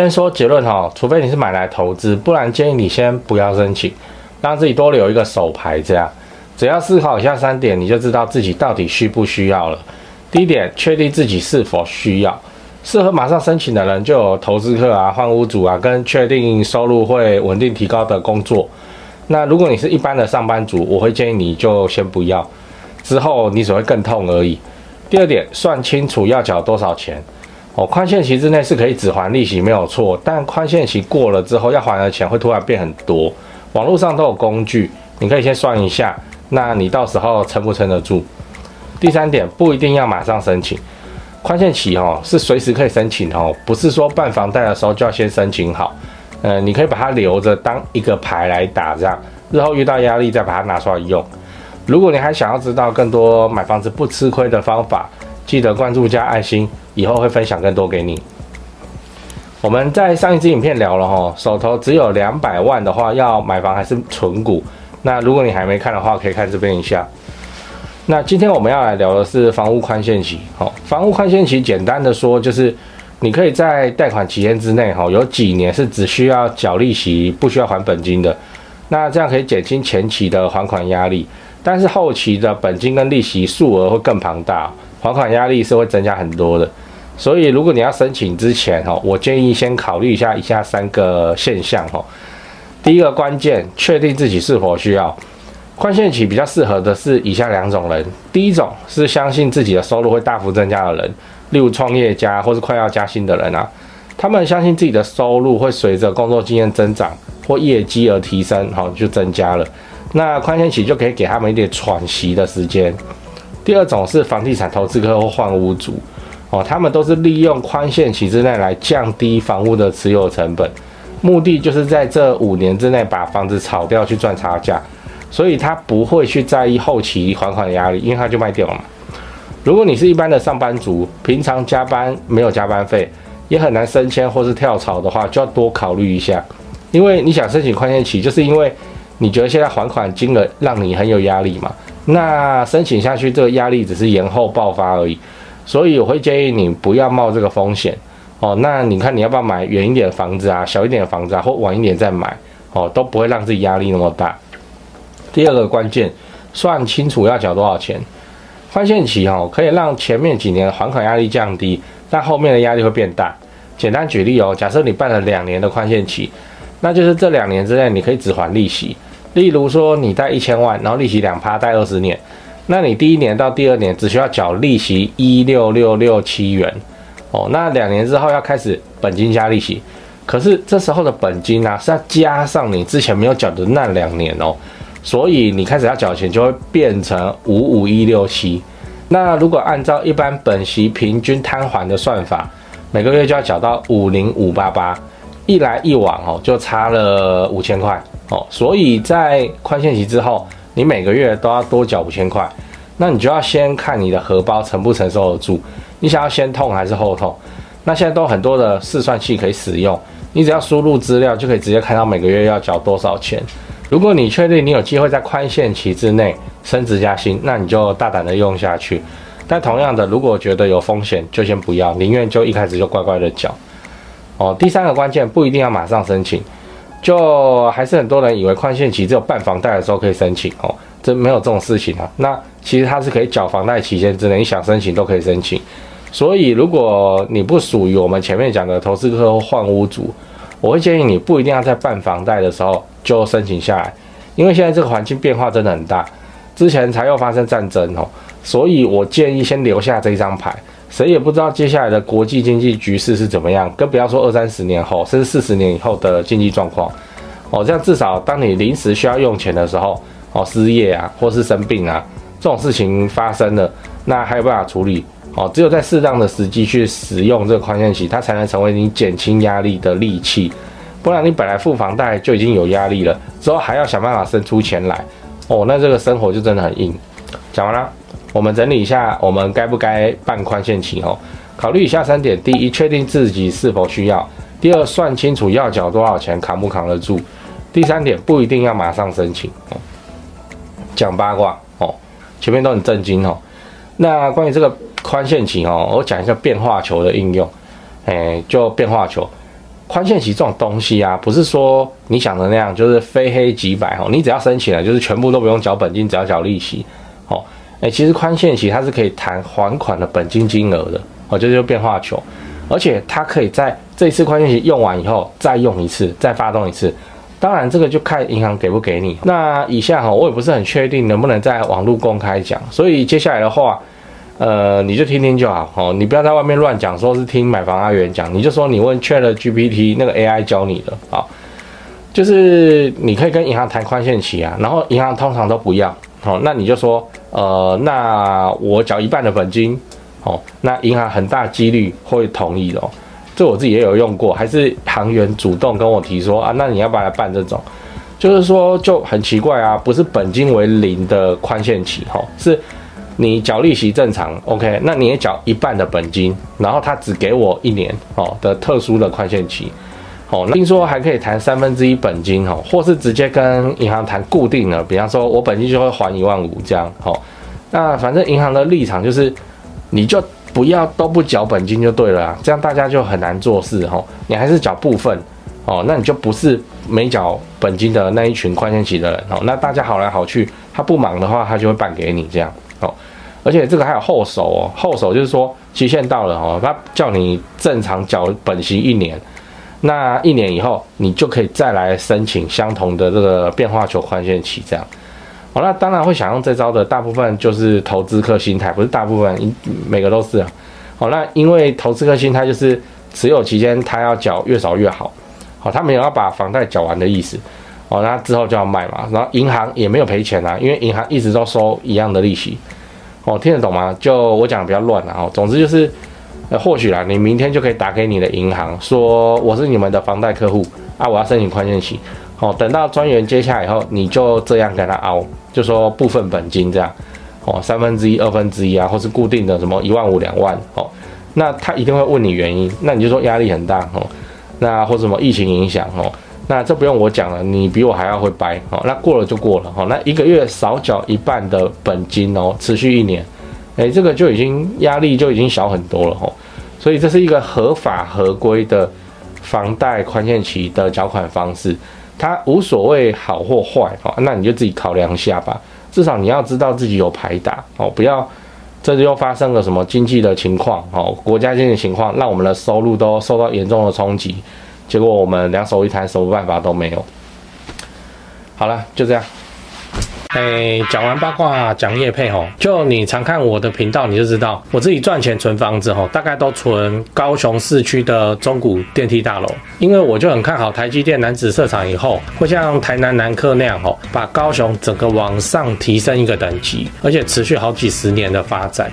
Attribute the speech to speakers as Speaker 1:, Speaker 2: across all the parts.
Speaker 1: 先說結論哈，除非你是買來投資，不然建議你先不要申請，讓自己多留一個手牌。這樣，只要思考以下三點，你就知道自己到底需不需要了。第一點，確定自己是否需要，適合馬上申請的人就有投資客啊、換屋主啊跟確定收入會穩定提高的工作。那如果你是一般的上班族，我會建議你就先不要，之後你只會更痛而已。第二點，算清楚要繳多少錢。哦，寬限期之內是可以只還利息，沒有錯。但寬限期過了之後，要還的錢會突然變很多。網絡上都有工具，你可以先算一下，那你到時候撐不撐得住？第三點，不一定要馬上申請寬限期哦，是隨時可以申請的哦，不是說辦房貸的時候就要先申請好。嗯、呃，你可以把它留着當一個牌來打，這樣日後遇到壓力再把它拿出來用。如果你還想要知道更多買房子不吃虧的方法，記得關注加愛心，以後會分享更多給你。我們在上一支影片聊了哈，手頭只有兩百萬的話，要買房還是存股？那如果你還沒看的話，可以看這邊一下。那今天我們要來聊的是房屋寬限期。好，房屋寬限期簡單的說，就是你可以在貸款期間之內哈，有幾年是只需要繳利息，不需要還本金的。那這樣可以減輕前期的還款壓力，但是後期的本金跟利息數額會更龐大。還款壓力是會增加很多的，所以如果你要申請之前哈，我建議先考慮一下以下三個現象哈。第一個關鍵，確定自己是否需要寬限期，比較適合的是以下兩種人：第一種是相信自己的收入會大幅增加的人，例如創業家或是快要加薪的人啊，他們相信自己的收入會隨着工作經驗增長或業績而提升，哈，就增加了，那寬限期就可以給他們一點喘息的時間。第二種是房地產投資客或換屋主，哦，他們都是利用寬限期之內來降低房屋的持有成本，目的就是在這五年之內把房子炒掉去賺差價，所以他不會去在意後期還款的壓力，因為他就賣掉了嘛。如果你是一般的上班族，平常加班沒有加班費，也很難升遷或是跳槽的話，就要多考慮一下，因為你想申請寬限期，就是因為你覺得現在還款金額讓你很有壓力嘛。那申請下去，這個壓力只是延後爆發而已，所以我會建議你不要冒這個風險哦。那你看你要不要買遠一點的房子啊，小一點的房子啊，或晚一點再買哦，都不會讓自己壓力那麼大。第二個關鍵，算清楚要繳多少錢。寬限期哦，可以讓前面幾年還款壓力降低，但後面的壓力會變大。簡單舉例哦，假設你辦了兩年的寬限期，那就是這兩年之內你可以只還利息。例如說，你貸一千萬，然後利息兩趴，貸二十年，那你第一年到第二年只需要繳利息一六六六七元，哦，那兩年之後要開始本金加利息，可是這時候的本金呢、啊、是要加上你之前沒有繳的那兩年哦，所以你開始要繳錢就會變成五五一六七，那如果按照一般本息平均攤還的算法，每個月就要繳到五零五八八。一來一往哦，就差了五千塊哦，所以在寬限期之後，你每個月都要多繳五千塊，那你就要先看你的荷包承不承受得住，你想要先痛還是後痛？那現在都很多的試算器可以使用，你只要輸入資料就可以直接看到每個月要繳多少錢。如果你確定你有機會在寬限期之內升職加薪，那你就大膽的用下去。但同樣的，如果覺得有風險，就先不要，寧願就一開始就乖乖的繳。哦，第三個關鍵，不一定要馬上申請。就還是很多人以為寬限期只有辦房貸的時候可以申請哦，這沒有這種事情啊。那其實它是可以繳房貸期間之內，你想申請都可以申請。所以如果你不屬於我們前面講的投資客或換屋主，我會建議你不一定要在辦房貸的時候就申請下來，因為現在這個環境變化真的很大，之前才又發生戰爭哦，所以我建議先留下這張牌。誰也不知道接下來的國際經濟局勢是怎麼樣，更不要說二三十年後，甚至四十年以後的經濟狀況。哦，這樣至少當你臨時需要用錢的時候，哦，失業啊，或是生病啊，這種事情發生了，那還有辦法處理。哦，只有在適當的時機去使用這個寬限期，它才能成為你減輕壓力的利器。不然你本來付房貸就已經有壓力了，之後還要想辦法生出錢來，哦，那這個生活就真的很硬。講完了。我們整理一下，我們該不該辦寬限期哦？考慮以下三點：第一，確定自己是否需要；第二，算清楚要繳多少錢，扛不扛得住；第三點，不一定要馬上申請。哦、講八卦哦，前面都很震驚哦。那關於這個寬限期哦，我講一下變化球的應用。哎，就變化球，寬限期這種東西啊，不是說你想的那樣，就是非黑即白哦。你只要申請了，就是全部都不用繳本金，只要繳利息哦。哎、欸，其實寬限期它是可以談還款的本金金額的，哦，這就是、變化球，而且它可以在這一次寬限期用完以後再用一次，再發動一次，當然這個就看銀行給不給你。那以下哈，我也不是很確定能不能在網絡公開講，所以接下來的話，呃，你就聽聽就好，哦，你不要在外面亂講，說是聽買房阿元講，你就說你問 Chat GPT 那個 AI 教你的，啊、哦，就是你可以跟銀行談寬限期啊，然後銀行通常都不要。哦，那你就說，呃，那我繳一半的本金，哦，那銀行很大幾率會同意的哦。這我自己也有用過，還是行員主動跟我提說啊，那你要不要來辦這種？就是說就很奇怪啊，不是本金為零的寬限期，吼、哦，是你繳利息正常，OK，那你也繳一半的本金，然後他只給我一年，哦的特殊的寬限期。哦，聽說還可以談三分之一本金哦，或是直接跟銀行談固定的，比方說我本金就會還一萬五這樣哦。那反正銀行的立場就是，你就不要都不繳本金就對了啊，這樣大家就很難做事哦。你還是繳部分哦，那你就不是沒繳本金的那一群寬限期的人哦。那大家好來好去，他不忙的話，他就會辦給你這樣哦。而且這個還有後手哦，後手就是說期限到了哦，他叫你正常繳本息一年。那一年以後，你就可以再來申請相同的這個變化球寬限期，這樣。好，那當然會想用這招的大部分就是投資客心態，不是大部分，每個都是、啊。好、哦，那因為投資客心態就是持有期間他要繳越少越好，好、哦，他沒有要把房貸繳完的意思，好、哦，那之後就要賣嘛，然後銀行也沒有賠錢啊，因為銀行一直都收一樣的利息，哦，聽得懂嗎？就我講的比較亂啊，總之就是。那、呃、或許啦，你明天就可以打給你的銀行，說我是你們的房貸客戶啊，我要申請寬限期。哦，等到專員接下以後，你就這樣跟他拗，就說部分本金這樣，哦，三分之一、二分之一啊，或是固定的什麼一萬五、兩萬哦。那他一定會問你原因，那你就說壓力很大哦，那或什麼疫情影響哦，那這不用我講了，你比我還要會掰哦。那過了就過了哦，那一個月少繳一半的本金哦，持續一年。誒，這個就已經壓力就已經小很多了吼、哦，所以這是一個合法合規的房貸寬限期的繳款方式，它無所謂好或壞哦，那你就自己考量一下吧，至少你要知道自己有牌打哦，不要這就又發生了什麼經濟的情況哦，國家經濟情況讓我們的收入都受到嚴重的衝擊，結果我們兩手一攤，什麼辦法都沒有。好了，就這樣。哎，hey, 講完八卦，講業配吼，就你常看我的頻道，你就知道我自己賺錢存房子吼，大概都存高雄市區的中古電梯大樓，因為我就很看好台積電楠梓設廠以後，會像台南南科那樣吼，把高雄整個往上提升一個等級，而且持續好幾十年的發展。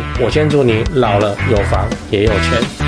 Speaker 1: 啊我先祝你老了有房也有錢。